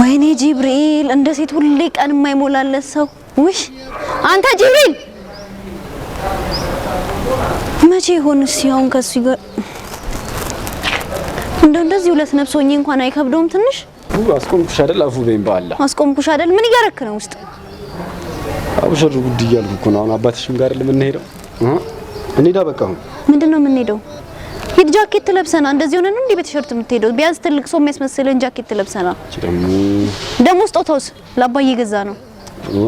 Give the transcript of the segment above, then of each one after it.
ወይኔ ጅብሪል፣ እንደ ሴት ሁሌ ቀን የማይሞላለት ሰው ውሽ። አንተ ጅብሪል መቼ ይሆን ሲያውን ከሱ ጋር እንደው እንደዚህ ሁለት ነፍስ ሆኜ እንኳን አይከብደውም ትንሽ። አስቆምኩሽ አይደል? አፉ በይም ባላ አስቆምኩሽ አይደል? ምን እያረክ ነው ውስጥ? አብሽር ጉድ እያልኩ እኮ ነው። አሁን አባትሽም ጋር አይደል የምንሄደው? እንሂዳ በቃ። አሁን ምንድን ነው የምንሄደው? ሂድ ጃኬት ለብሰና እንደዚህ ሆነን እንዴ በቲሸርት የምትሄደው? ቢያንስ ትልቅ ሰው የሚያስመስልን ጃኬት ለብሰና። ደሞ ስጦታውስ ለአባዬ ገዛ ነው።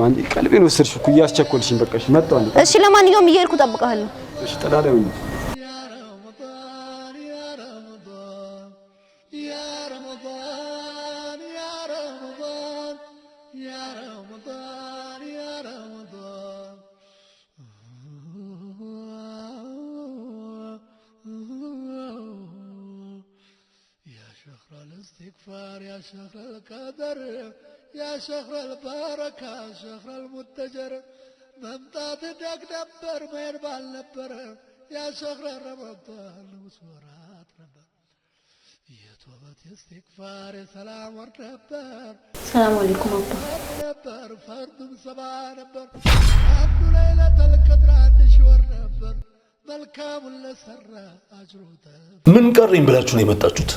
አንዴ ቀልቤን ወሰድሽ እኮ እያስቸኮልሽኝ። በቃሽ መጣሁ። እሺ ለማንኛውም እየሄድኩ እጠብቅሃለሁ። እሺ ከደር ያሸኽረል በረካ ሸኽረል ሙተጀር መምጣት ደግ ነበር መሄድ ባልነበረ ያሸኽረል ረመዳን ንጉሥ ወራት ነበር። የተውበት የእስትግፋር የሰላም ወር ነበር። ሰላም አለይኩም አባ ነበር። ፈርዱም ሰባ ነበር። አንዱ ለይለተል ቀድር አንድ ሺህ ወር ነበር። መልካሙን ለሰራ አጅሮተ ምን ቀረኝ ብላችሁ ነው የመጣችሁት?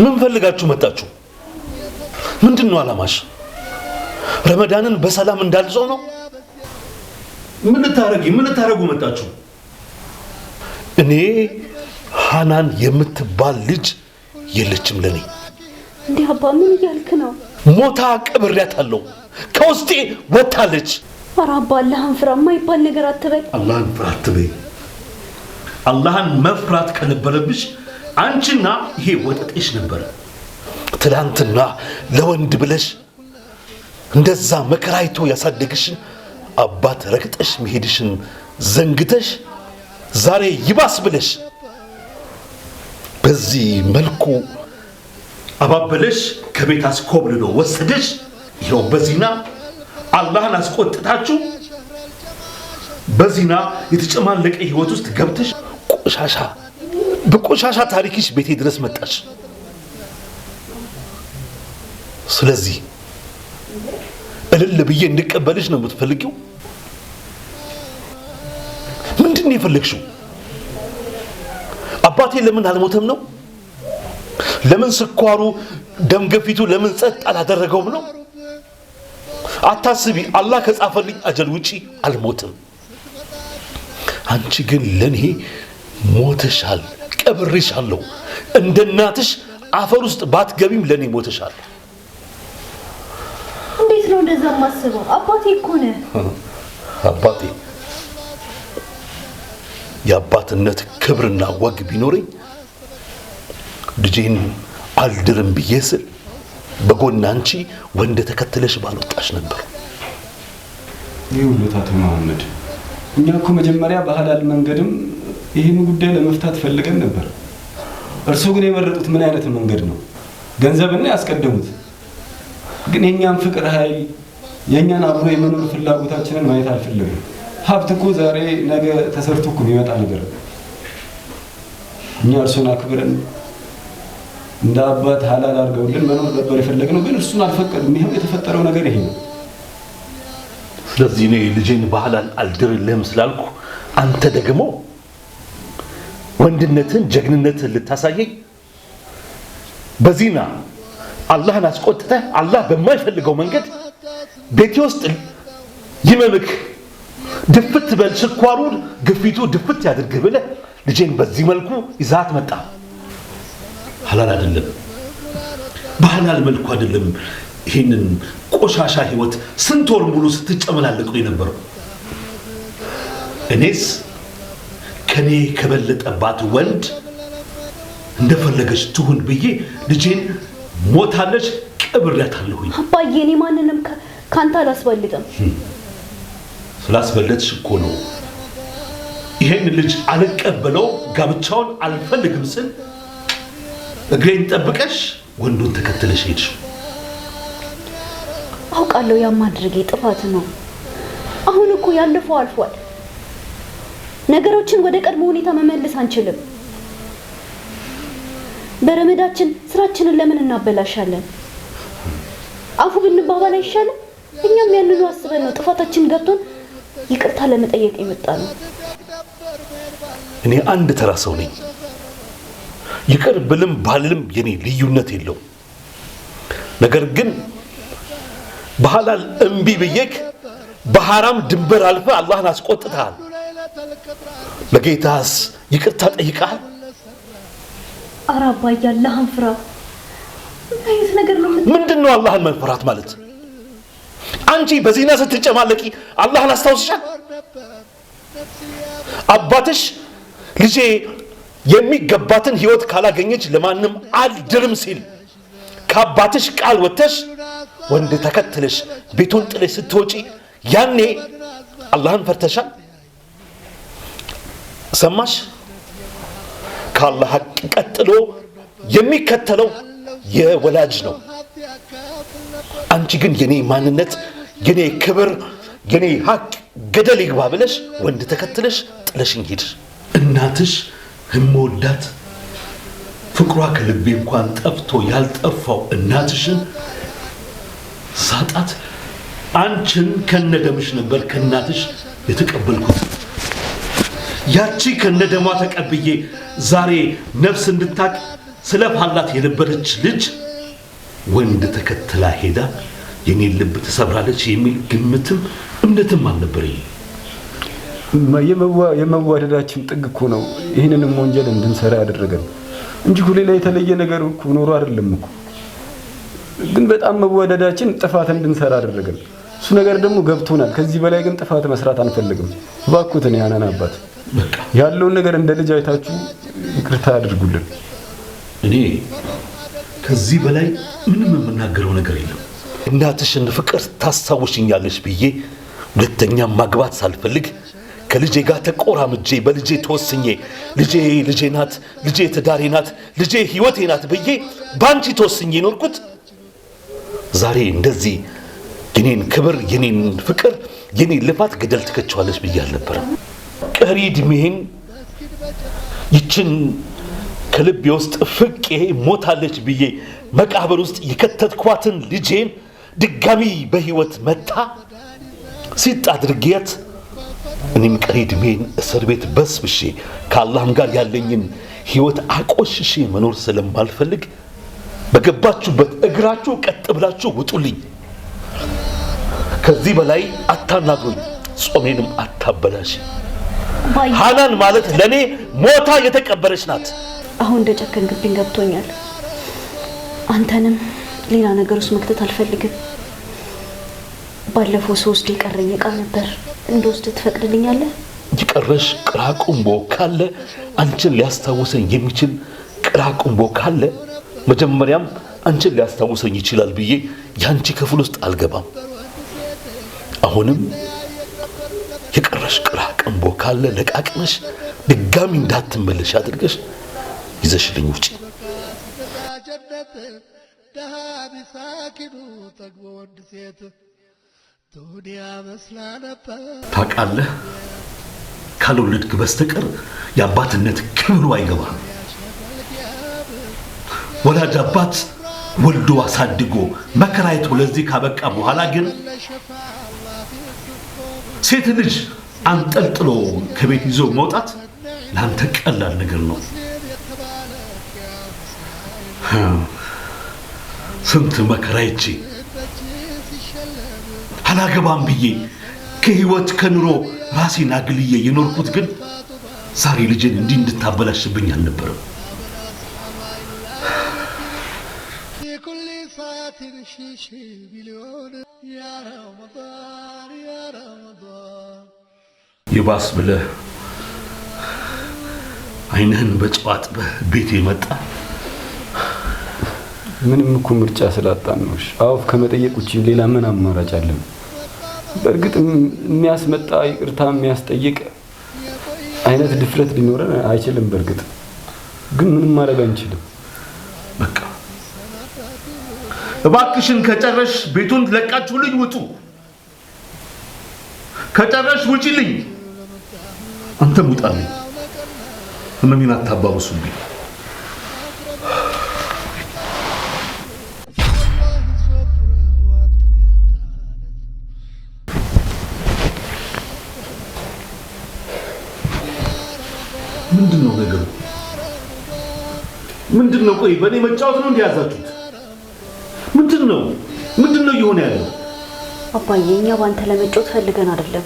ምን ፈልጋችሁ መጣችሁ? ምንድን ነው አላማሽ? ረመዳንን በሰላም እንዳልጾም ነው? ምን ልታረጊ ምን ልታረጉ መጣችሁ? እኔ ሃናን የምትባል ልጅ የለችም ለኔ። እንዴ አባ ምን እያልክ ነው? ሞታ ቀብሬያታለሁ። ከውስጤ ወጣለች። ኧረ አባ አላህን ፍራ፣ የማይባል ነገር አትበይ። አላህን ፍራ አትበይ። አላህን መፍራት ከነበረብሽ አንቺና ይሄ ወጠጤሽ ነበር ትላንትና ለወንድ ብለሽ እንደዛ መከራይቶ ያሳደግሽን አባት ረግጠሽ መሄድሽን ዘንግተሽ ዛሬ ይባስ ብለሽ በዚህ መልኩ አባበለሽ፣ ከቤት አስኮብልሎ ወሰደሽ። ይኸው በዚና አላህን አስቆጥታችሁ በዚህና የተጨማለቀ ህይወት ውስጥ ገብተሽ ቆሻሻ በቆሻሻ ታሪክሽ ቤቴ ድረስ መጣሽ። ስለዚህ እልል ብዬ እንድቀበልሽ ነው የምትፈልጊው? ምንድን ነው የፈለግሽው? አባቴ ለምን አልሞተም ነው? ለምን ስኳሩ ደም ግፊቱ ለምን ጸጥ አላደረገውም ነው? አታስቢ፣ አላህ ከጻፈልኝ አጀል ውጪ አልሞትም። አንቺ ግን ለእኔ ሞተሻል። ቀብሬሻለሁ። እንደ እናትሽ አፈር ውስጥ ባትገቢም ለእኔ ሞተሻለሁ። እንዴት ነው እንደዛ የማስበው? አባቴ እኮ ነህ። አባቴ የአባትነት ክብርና ወግ ቢኖረኝ ልጄን አልድርም ብዬ ስል በጎን አንቺ ወንድ ተከትለሽ ባልወጣሽ ነበር። ይህ ሁሉ ታቶ መሐመድ፣ እኛ እኮ መጀመሪያ በሐላል መንገድም ይህን ጉዳይ ለመፍታት ፈልገን ነበር። እርስዎ ግን የመረጡት ምን አይነት መንገድ ነው? ገንዘብና ያስቀደሙት። ግን የእኛን ፍቅር ኃይል የእኛን አብሮ የመኖር ፍላጎታችንን ማየት አልፈለግም። ሀብት እኮ ዛሬ ነገ ተሰርቶ እኮ የሚመጣ ነገር ነው። እኛ እርሱን አክብረን እንደ አባት ሀላል አድርገውልን መኖር ነበር የፈለግነው፣ ግን እርሱን አልፈቀዱም። ይኸው የተፈጠረው ነገር ይሄ ነው። ስለዚህ እኔ ልጄን ባህላል አልድርልህም ስላልኩ አንተ ደግሞ ወንድነትን፣ ጀግንነትን ልታሳየኝ በዚና አላህን አስቆጥተ አላህ በማይፈልገው መንገድ ቤቴ ውስጥ ይመምክ ድፍት በል ስኳሩ ግፊቱ ድፍት ያድርግ ብለ ልጄን በዚህ መልኩ ይዛት መጣ። ሀላል አይደለም፣ ባህላል መልኩ አይደለም። ይህንን ቆሻሻ ህይወት ስንት ወር ሙሉ ስትጨመላለቁ የነበረው እኔስ ከኔ ከበለጠባት ወንድ እንደፈለገች ትሁን ብዬ ልጄን ሞታለች ቀብሬያታለሁኝ። አባዬ እኔ ማንንም ከአንተ አላስበልጥም። ስላስበለጥሽ እኮ ነው ይሄን ልጅ አልቀበለው፣ ጋብቻውን አልፈልግም ስል እግሬን ጠብቀሽ ወንዱን ተከትለሽ ሄድሽ። አውቃለሁ ያ ማድረጌ ጥፋት ነው። አሁን እኮ ያለፈው አልፏል። ነገሮችን ወደ ቀድሞ ሁኔታ መመለስ አንችልም። በረመዳችን ስራችንን ለምን እናበላሻለን? አፉ ብንባባል አይሻልም? እኛም ያንኑ አስበን ነው ጥፋታችን ገብቶን ይቅርታ ለመጠየቅ የመጣ ነው። እኔ አንድ ተራ ሰው ነኝ። ይቅር ብልም ባልልም የኔ ልዩነት የለውም። ነገር ግን በሐላል እምቢ ብዬክ በሐራም ድንበር አልፈ አላህን አስቆጥተሃል። ለጌታስ ይቅርታ ጠይቃል? ኧረ አባዬ አላህን ፍራው። አይነት ነገር ነው? ምንድን ነው አላህን መፍራት ማለት? አንቺ በዜና ስትጨማለቂ አላህን አስታውስሻል? አባትሽ ልጄ የሚገባትን ህይወት ካላገኘች ለማንም አልድርም ሲል ከአባትሽ ቃል ወጥተሽ ወንድ ተከትለሽ ቤቱን ጥለሽ ስትወጪ ያኔ አላህን ፈርተሻል? ሰማሽ? ካለ ሀቅ ቀጥሎ የሚከተለው የወላጅ ነው። አንቺ ግን የኔ ማንነት፣ የኔ ክብር፣ የኔ ሀቅ ገደል ይግባ ብለሽ ወንድ ተከትለሽ ጥለሽኝ ሂድ። እናትሽ ህመወዳት ፍቅሯ ከልቤ እንኳን ጠፍቶ ያልጠፋው እናትሽን ሳጣት አንቺን ከነደምሽ ነበር ከእናትሽ የተቀበልኩት። ያቺ ከነደሟ ተቀብዬ ዛሬ ነፍስ እንድታቅ ስለፋላት የነበረች ልጅ ወንድ ተከትላ ሄዳ የኔን ልብ ትሰብራለች የሚል ግምትም እምነትም አልነበረኝ። የመዋደዳችን ጥግ እኮ ነው ይህንንም ወንጀል እንድንሰራ ያደረገን እንጂ ሌላ የተለየ ነገር እኮ ኖሮ አይደለም እኮ። ግን በጣም መዋደዳችን ጥፋት እንድንሰራ አደረገን። እሱ ነገር ደግሞ ገብቶናል። ከዚህ በላይ ግን ጥፋት መስራት አንፈልግም። እባክዎትን ያናን አባት ያለውን ነገር እንደ ልጅ አይታችሁ ይቅርታ ያድርጉልን። እኔ ከዚህ በላይ ምንም የምናገረው ነገር የለም። እናትሽን ፍቅር ታስታውሽኛለሽ ብዬ ሁለተኛ ማግባት ሳልፈልግ ከልጄ ጋር ተቆራምጄ በልጄ ተወስኜ ልጄ ልጄ ናት፣ ልጄ ትዳሬ ናት፣ ልጄ ሕይወቴ ናት ብዬ በአንቺ ተወስኜ የኖርኩት ዛሬ እንደዚህ የኔን ክብር፣ የኔን ፍቅር፣ የኔን ልፋት ገደል ትከቸዋለች ብዬ አልነበረም። ቀሪ ዕድሜን ይችን ከልቤ ውስጥ ፍቄ ሞታለች ብዬ መቃብር ውስጥ የከተትኳትን ልጄን ድጋሚ በህይወት መታ ሲጥ አድርጌያት እኔም ቀሪ ዕድሜን እስር ቤት በስብሼ ከአላህም ጋር ያለኝን ህይወት አቆሽሼ መኖር ስለማልፈልግ በገባችሁበት እግራችሁ ቀጥ ብላችሁ ውጡልኝ። ከዚህ በላይ አታናግሩኝ፣ ጾሜንም አታበላሽ። ሀናን ማለት ለእኔ ሞታ የተቀበረች ናት። አሁን እንደ ጨከንክብኝ ገብቶኛል። አንተንም ሌላ ነገር ውስጥ መክተት አልፈልግም። ባለፈው ሶስት የቀረኝ እቃ ነበር፣ እንደወስድ ትፈቅድልኛለህ? የቀረሽ ቅራቁምቦ ካለ አንቺን ሊያስታውሰኝ የሚችል ቅራቁምቦ ካለ መጀመሪያም አንቺን ሊያስታውሰኝ ይችላል ብዬ የአንቺ ክፍል ውስጥ አልገባም። አሁንም የቀረሽ ቅራ ቀንቦ ካለ ለቃቅመሽ ድጋሚ እንዳትመለሽ አድርገሽ ይዘሽልኝ ውጪ። ታውቃለህ፣ ካልወለድክ በስተቀር የአባትነት ክብሩ አይገባም። ወላጅ አባት ወልዶ አሳድጎ መከራይቶ ለዚህ ካበቃ በኋላ ግን ሴት ልጅ አንጠልጥሎ ከቤት ይዞ መውጣት ለአንተ ቀላል ነገር ነው። ስንት መከራ ይቺ አላገባም ብዬ ከህይወት ከኑሮ ራሴን አግልዬ የኖርኩት ግን ዛሬ ልጅን እንዲህ እንድታበላሽብኝ አልነበረም። থেকে শেষের বিলিয়ন ইয়া রমাদান ይባስ ብለህ አይንህን በጨዋት ቤት የመጣ ምንም እኮ ምርጫ ስላጣን ነው። አውፍ ከመጠየቅ ውጭ ሌላ ምን አማራጭ አለን? በእርግጥ የሚያስመጣ ይቅርታ የሚያስጠይቅ አይነት ድፍረት ሊኖረን አይችልም። በእርግጥ ግን ምንም ማድረግ አንችልም። በቃ እባክሽን ከጨረሽ ቤቱን ለቃችሁልኝ ውጡ። ከጨረሽ ውጪልኝ። አንተም ውጣልኝ። ህመሜን አታባብሱብኝ። ምንድን ነው ነገሩ? ምንድን ነው? ቆይ በእኔ መጫወት ነው እንዲያዛችሁት ምንድን ነው ምንድን ነው እየሆነ ያለው? አባዬ እኛ ባንተ ለመጫወት ፈልገን አይደለም።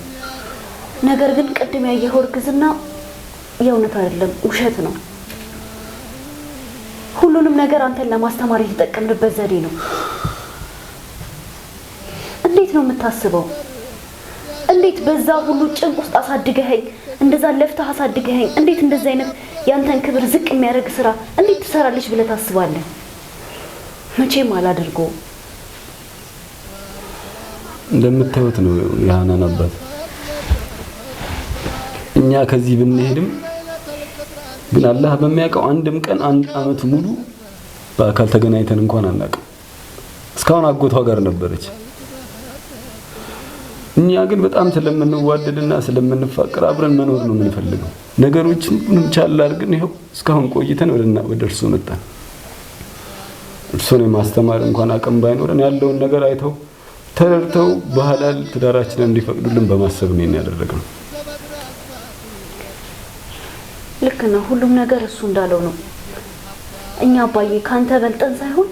ነገር ግን ቅድም ያየኸው እርግዝና የእውነት አይደለም፣ ውሸት ነው። ሁሉንም ነገር አንተን ለማስተማር የተጠቀምንበት ዘዴ ነው። እንዴት ነው የምታስበው? እንዴት በዛ ሁሉ ጭንቅ ውስጥ አሳድገኸኝ፣ እንደዛ ለፍተህ አሳድገኸኝ፣ እንዴት እንደዚህ አይነት ያንተን ክብር ዝቅ የሚያደርግ ስራ እንዴት ትሰራለች ብለህ ታስባለህ? መቼም አላደርገውም። እንደምታዩት ነው የሀናን አባት። እኛ ከዚህ ብንሄድም ግን አላህ በሚያውቀው አንድም ቀን አንድ አመት ሙሉ በአካል ተገናኝተን እንኳን አናውቅም። እስካሁን አጎቷ ጋር ነበረች። እኛ ግን በጣም ስለምንዋደድና ስለምንፋቅር አብረን መኖር ነው የምንፈልገው። ነገሮችን ሁሉንም ቻል አድርገን ይኸው እስካሁን ቆይተን ወደ እርሱ መጣን። እሱን የማስተማር እንኳን አቅም ባይኖረን ያለውን ነገር አይተው ተረድተው ባህላል ትዳራችንን እንዲፈቅዱልን በማሰብ ነው ያደረግነው። ልክ ነው። ሁሉም ነገር እሱ እንዳለው ነው። እኛ አባዬ ካንተ በልጠን ሳይሆን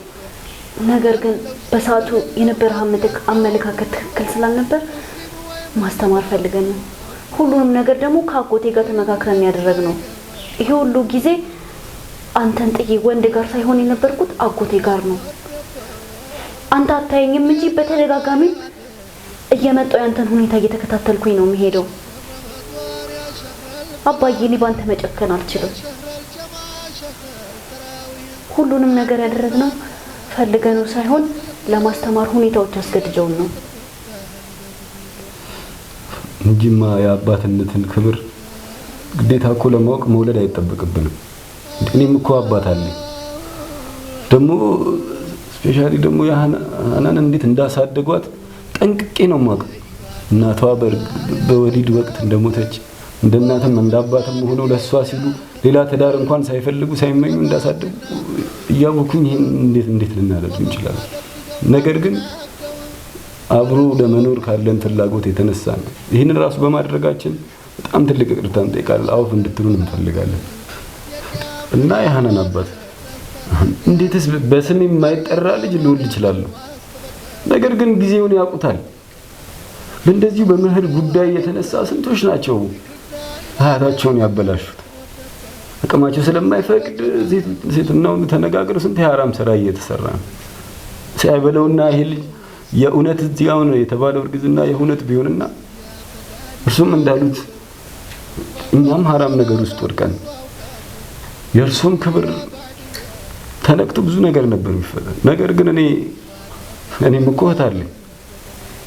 ነገር ግን በሰዓቱ የነበረ አመለካከት ትክክል ስላልነበር ማስተማር ፈልገን ነው። ሁሉንም ነገር ደግሞ ከአጎቴ ጋር ተመካክረን ነው። ይሄ ሁሉ ጊዜ አንተን ጥዬ ወንድ ጋር ሳይሆን የነበርኩት አጎቴ ጋር ነው። አንተ አታየኝም እንጂ በተደጋጋሚ እየመጣው ያንተን ሁኔታ እየተከታተልኩኝ ነው የምሄደው። አባዬ እኔ ባንተ መጨከን አልችልም። ሁሉንም ነገር ያደረግነው ፈልገነው ሳይሆን ለማስተማር ሁኔታዎች አስገድደውን ነው እንጂማ የአባትነትን ክብር ግዴታ እኮ ለማወቅ መውለድ አይጠበቅብንም። እኔም እኮ አባት አለኝ። ደግሞ ስፔሻሊ ደግሞ ሀናን እንዴት እንዳሳደጓት ጠንቅቄ ነው የማውቀው። እናቷ በወሊድ ወቅት እንደሞተች እንደ እናትም እንደ አባትም ሆነው ለእሷ ሲሉ ሌላ ትዳር እንኳን ሳይፈልጉ ሳይመኙ እንዳሳደጉ እያወኩኝ ይህን እንዴት እንዴት ልናደርግ እንችላለን? ነገር ግን አብሮ ለመኖር ካለን ፍላጎት የተነሳ ነው። ይህንን ራሱ በማድረጋችን በጣም ትልቅ ይቅርታ እንጠይቃለን። አውፍ እንድትሉን እንፈልጋለን። እና የሐናን አባት እንዴትስ በስም የማይጠራ ልጅ ልወልድ እችላለሁ? ነገር ግን ጊዜውን ያውቁታል። በእንደዚሁ በምህል ጉዳይ የተነሳ ስንቶች ናቸው አያታቸውን ያበላሹት። አቅማቸው ስለማይፈቅድ ሴትናውን ወንድ ተነጋግረው ስንት የሐራም ስራ እየተሰራ ነው። ሲያይበለውና ይሄ ልጅ የእውነት እዚህ ነው የተባለው እርግዝና የእውነት ቢሆንና እርሱም እንዳሉት እኛም ሐራም ነገር ውስጥ ወድቀን የእርሱን ክብር ተነቅቶ ብዙ ነገር ነበር የሚፈጠር። ነገር ግን እኔ እኔም እኮ እህት አለኝ፣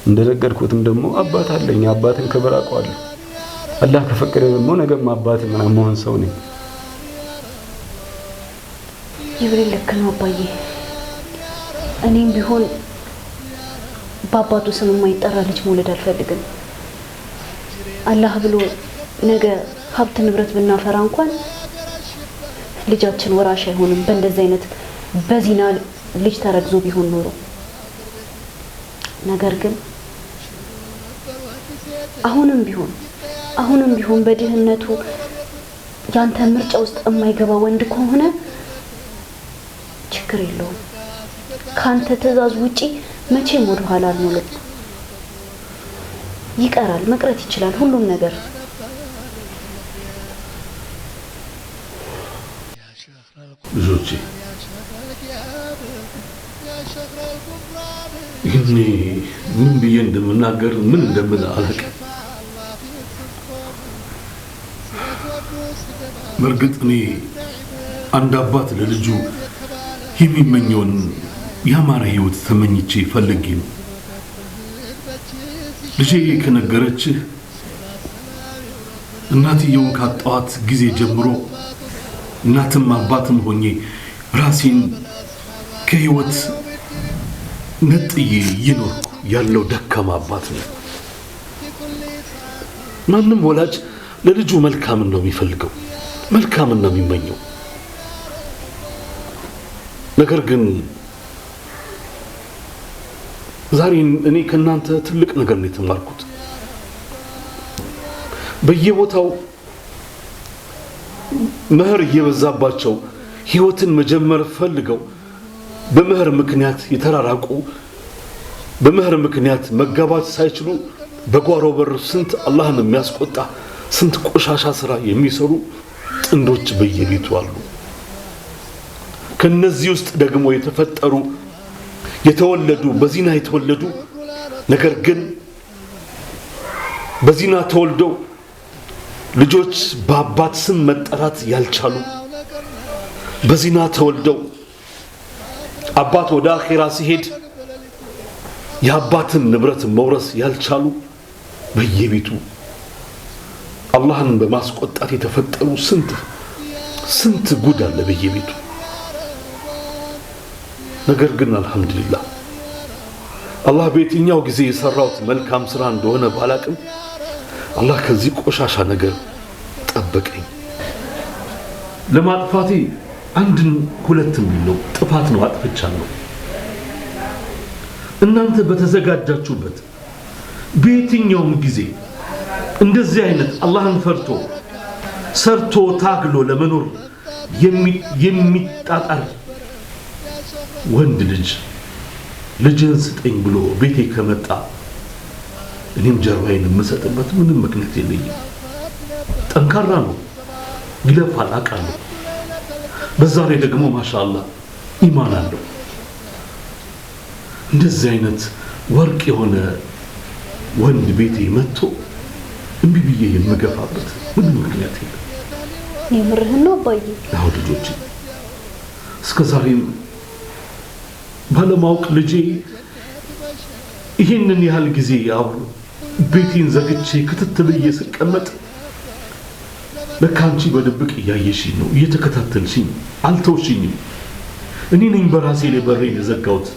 እንደነገርኩትም ደግሞ አባት አለኝ። አባትን ክብር አውቀዋለሁ። አላህ ከፈቀደ ደግሞ ነገም አባት ምናምን መሆን ሰው ነኝ። ይብሪል ልክ ነው አባዬ። እኔም ቢሆን በአባቱ ስም የማይጠራ ልጅ መውለድ አልፈልግም። አላህ ብሎ ነገ ሀብት ንብረት ብናፈራ እንኳን ልጃችን ወራሽ አይሆንም። በእንደዚህ አይነት በዚና ልጅ ተረግዞ ቢሆን ኖሮ ነገር ግን አሁንም ቢሆን አሁንም ቢሆን በድህነቱ ያንተ ምርጫ ውስጥ የማይገባ ወንድ ከሆነ ችግር የለውም። ካንተ ትዕዛዝ ውጪ መቼም ወደኋላ አልሞለም። ይቀራል፣ መቅረት ይችላል ሁሉም ነገር። ይህኔ ምን ብዬ እንደምናገር ምን እንደምል አላውቅም። በእርግጥ እኔ አንድ አባት ለልጁ የሚመኘውን ያማረ ሕይወት ተመኝቼ ፈልጌ ነው። ልጄ ከነገረችህ እናትየውን ካጣኋት ጊዜ ጀምሮ እናትም አባትም ሆኜ ራሴን ከህይወት ነጥዬ እየኖርኩ ያለው ደካማ አባት ነው። ማንም ወላጅ ለልጁ መልካምን ነው የሚፈልገው፣ መልካምን ነው የሚመኘው። ነገር ግን ዛሬ እኔ ከእናንተ ትልቅ ነገር ነው የተማርኩት። በየቦታው መኸር እየበዛባቸው ህይወትን መጀመር ፈልገው በምህር ምክንያት የተራራቁ በምህር ምክንያት መጋባት ሳይችሉ በጓሮ በር ስንት አላህን የሚያስቆጣ ስንት ቆሻሻ ስራ የሚሰሩ ጥንዶች በየቤቱ አሉ። ከነዚህ ውስጥ ደግሞ የተፈጠሩ የተወለዱ በዚና የተወለዱ ነገር ግን በዚና ተወልደው ልጆች በአባት ስም መጠራት ያልቻሉ በዚና ተወልደው አባት ወደ አኼራ ሲሄድ የአባትን ንብረት መውረስ ያልቻሉ በየቤቱ አላህን በማስቆጣት የተፈጠሩ ስንት ስንት ጉድ አለ በየቤቱ። ነገር ግን አልሐምዱሊላህ አላህ በየትኛው ጊዜ የሰራሁት መልካም ስራ እንደሆነ ባላቅም አላህ ከዚህ ቆሻሻ ነገር ጠበቀኝ። ለማጥፋቴ አንድን ሁለት የሚል ነው። ጥፋት ነው፣ አጥፍቻለሁ። እናንተ በተዘጋጃችሁበት በየትኛውም ጊዜ እንደዚህ አይነት አላህን ፈርቶ ሰርቶ ታግሎ ለመኖር የሚጣጣር ወንድ ልጅ ልጅን ስጠኝ ብሎ ቤቴ ከመጣ እኔም ጀርባዬን የምሰጥበት ምንም ምክንያት የለኝም። ጠንካራ ነው፣ ይለፋል፣ አውቃለሁ። በዛ ላይ ደግሞ ማሻአላ ኢማን አለው። እንደዚህ አይነት ወርቅ የሆነ ወንድ ቤቴ መጥቶ እምቢ ብዬ የምገፋበት ምንም ምክንያት የለም። የምርህን ነው አባዬ? አዎ ልጆች፣ እስከ ዛሬም ባለማወቅ ልጄ ይህንን ያህል ጊዜ አብሮ ቤቴን ዘግቼ ክትትል እየስቀመጥ ለካ አንቺ በድብቅ እያየሽኝ ነው፣ እየተከታተልሽኝ አልተውሽኝም። እኔ ነኝ በራሴ ላይ በሬን የዘጋሁት።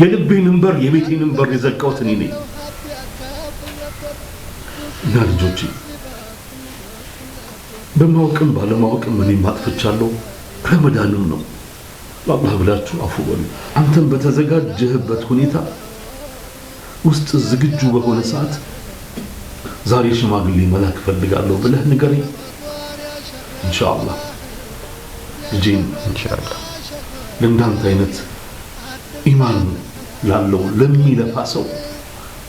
የልቤንም በር የቤቴንም በር የዘጋሁት እኔ ነኝ። እና ልጆቼ በማወቅም ባለማወቅም እኔም አጥፍቻለሁ፣ ረመዳንም ነው። ለአላህ ብላችሁ አፉ በሉ። አንተም በተዘጋጀህበት ሁኔታ ውስጥ ዝግጁ በሆነ ሰዓት ዛሬ ሽማግሌ መላክ እፈልጋለሁ ብለህ ንገረኝ። ኢንሻአላህ ልጄን ኢንሻአላህ ለእንዳንተ አይነት ኢማን ላለው ለሚለፋ ሰው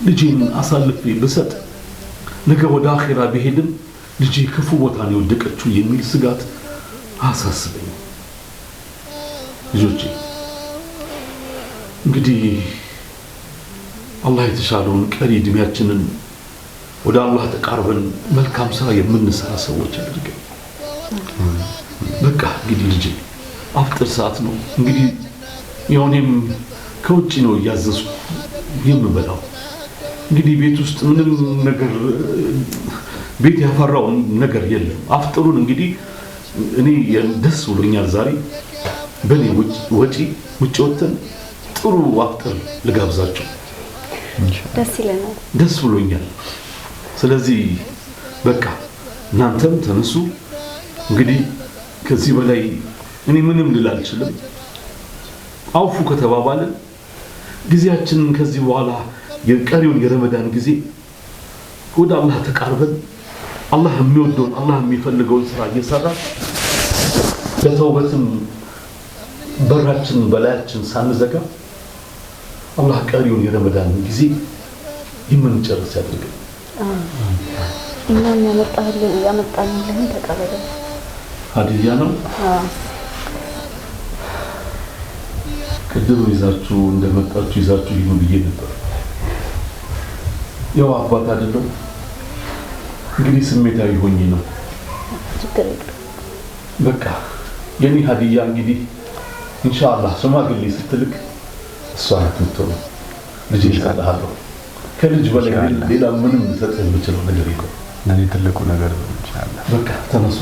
ልጄን አሳልፌ ብሰጥ ነገ ወደ አኼራ ቢሄድም ልጄ ክፉ ቦታ ነው የወደቀችው የሚል ስጋት አሳስበኝ። ልጆቼ እንግዲህ አላህ የተሻለውን ቀሪ እድሜያችንን ወደ አላህ ተቃርበን መልካም ስራ የምንሰራ ሰዎች አድርገን በቃ እንግዲህ ልጅ አፍጥር ሰዓት ነው እንግዲህ ያው እኔም ከውጭ ነው እያዘዝኩ የምበላው። እንግዲህ ቤት ውስጥ ምንም ነገር ቤት ያፈራው ነገር የለም። አፍጥሩን እንግዲህ እኔ ደስ ብሎኛል። ዛሬ በእኔ ወጪ ውጭ ወጥተን ጥሩ አፍጥር ልጋብዛቸው። ደስ ይለናል፣ ደስ ብሎኛል። ስለዚህ በቃ እናንተም ተነሱ እንግዲህ ከዚህ በላይ እኔ ምንም ልል አልችልም። አውፉ ከተባባልን ጊዜያችንን ከዚህ በኋላ የቀሪውን የረመዳን ጊዜ ወደ አላህ ተቃርበን አላህ የሚወደውን አላህ የሚፈልገውን ስራ እየሰራ ለተውበትም በራችንን በላያችን ሳንዘጋ አላህ ቀሪውን የረመዳን ጊዜ የምንጨርስ ያድርገን። እኛም ያመጣልን ያመጣልን ተቀበለን። ሀዲያ ነው። ቅድም ይዛችሁ እንደመጣችሁ ይዛችሁ ይሁን ብዬ ነበር። ያው አባት አይደለም እንግዲህ ስሜታዊ ሆኜ ነው። በቃ የኔ ሀዲያ እንግዲህ ኢንሻአላህ ሽማግሌ ስትልክ እሷ አትተው ልጅ ይሳላሃለሁ። ከልጅ በላይ ሌላ ምንም ልሰጥህ የምችለው ነገር የለም። ለኔ ትልቁ ነገር ነው። ኢንሻአላህ በቃ ተነሱ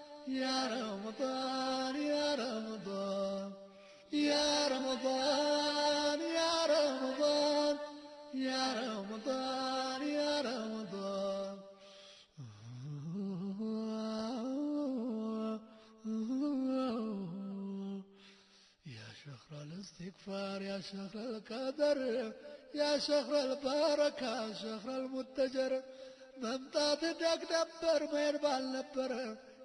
يا رمضان يا رمضان يا رمضان يا رمضان يا رمضان يا رمضان يا شهر الاستغفار يا شهر القدر يا شهر البركة شهر المتجر መምጣት دبر ነበር መሄድ ባልነበረ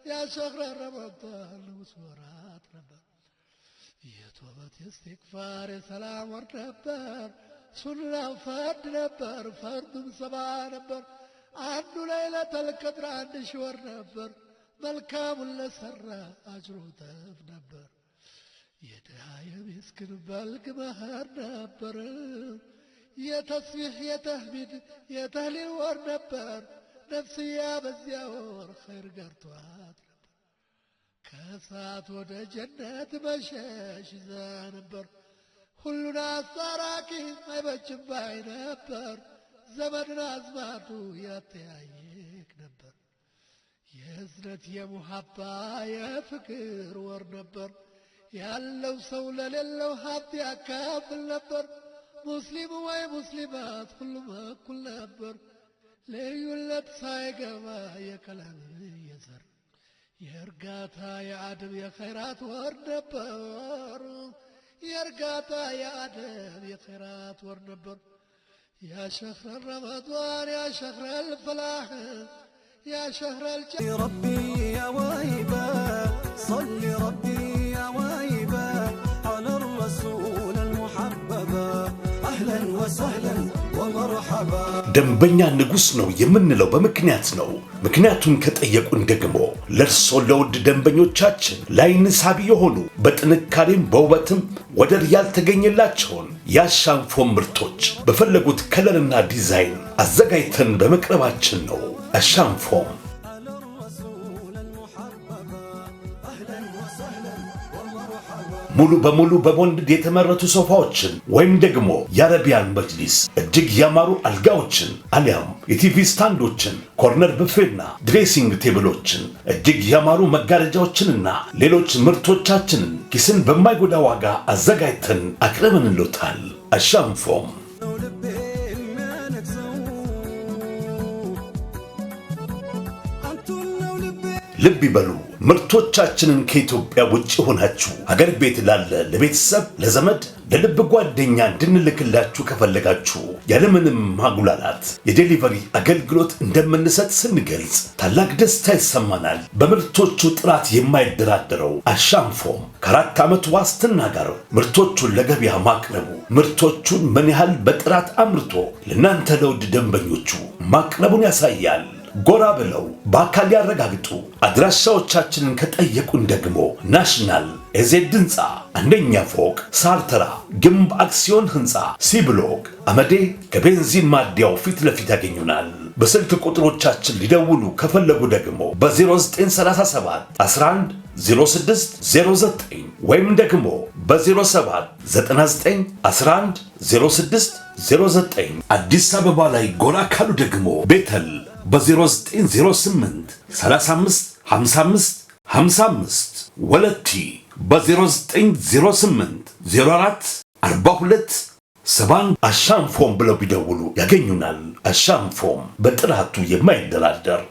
يا شهر رمضان الوسورات ربط يا توبة يا استغفار سلام ربط سنة فرد ربط فرد سبع نبر عند ليلة القدر عند شور نبر ملكام اللي سر أجره تف نبر يا دعاية مسكن بلق مهر ربط يا تصبيح يا تهميد يا تهليل ور نفسي يا بزيور خير قرطوات كاسات ودا جنة مشاش زانبر كل ناس تراكي ما يبج باي نبر زمن ناس ما يا تيايك نبر يا زنت يا محبة يا فكر ور نبر يا لو سولة للو حد يا كافل نبر مسلم ويا مسلمات كل ما كل نبر ልዩነት ሳይገባ የከላን የዘር የእርጋታ የአደብ የኸይራት يا ነበር የእርጋታ የአደብ የኸይራት ወር ነበር يا شهر رمضان يا شهر الفلاح يا شهر الجنة ربي يا وايبا صل ربي يا وايبا على الرسول المحببا أهلا وسهلا ومرحبا ደንበኛ ንጉሥ ነው የምንለው በምክንያት ነው። ምክንያቱን ከጠየቁን ደግሞ ለእርሶ ለውድ ደንበኞቻችን ለዓይን ሳቢ የሆኑ በጥንካሬም በውበትም ወደር ያልተገኘላቸውን የአሻንፎም ምርቶች በፈለጉት ከለርና ዲዛይን አዘጋጅተን በመቅረባችን ነው። አሻንፎም ሙሉ በሙሉ በቦንድ የተመረቱ ሶፋዎችን ወይም ደግሞ የአረቢያን መጅሊስ እጅግ ያማሩ አልጋዎችን አሊያም የቲቪ ስታንዶችን፣ ኮርነር ብፌና ድሬሲንግ ቴብሎችን እጅግ ያማሩ መጋረጃዎችንና ሌሎች ምርቶቻችንን ኪስን በማይጎዳ ዋጋ አዘጋጅተን አቅርበንሎታል። አሻም ፎም ልብ ይበሉ። ምርቶቻችንን ከኢትዮጵያ ውጭ ሆናችሁ ሀገር ቤት ላለ ለቤተሰብ፣ ለዘመድ፣ ለልብ ጓደኛ እንድንልክላችሁ ከፈለጋችሁ ያለምንም ማጉላላት የዴሊቨሪ አገልግሎት እንደምንሰጥ ስንገልጽ ታላቅ ደስታ ይሰማናል። በምርቶቹ ጥራት የማይደራደረው አሻንፎም ከአራት ዓመት ዋስትና ጋር ምርቶቹን ለገበያ ማቅረቡ ምርቶቹን ምን ያህል በጥራት አምርቶ ለእናንተ ለውድ ደንበኞቹ ማቅረቡን ያሳያል። ጎራ ብለው በአካል ያረጋግጡ። አድራሻዎቻችንን ከጠየቁን ደግሞ ናሽናል ኤዜድ ህንፃ አንደኛ ፎቅ ሳርተራ ግንብ አክሲዮን ህንፃ ሲብሎክ አመዴ ከቤንዚን ማደያው ፊት ለፊት ያገኙናል። በስልክ ቁጥሮቻችን ሊደውሉ ከፈለጉ ደግሞ በ0937 11 06 09 ወይም ደግሞ በ 0799 99 11 06 09 አዲስ አበባ ላይ ጎራ ካሉ ደግሞ ቤተል በ0908 35 55 55 ወለቲ በ0908 04 42 ሰባን አሻም ብለው ቢደውሉ ያገኙናል። አሻንፎም በጥራቱ የማይደራደር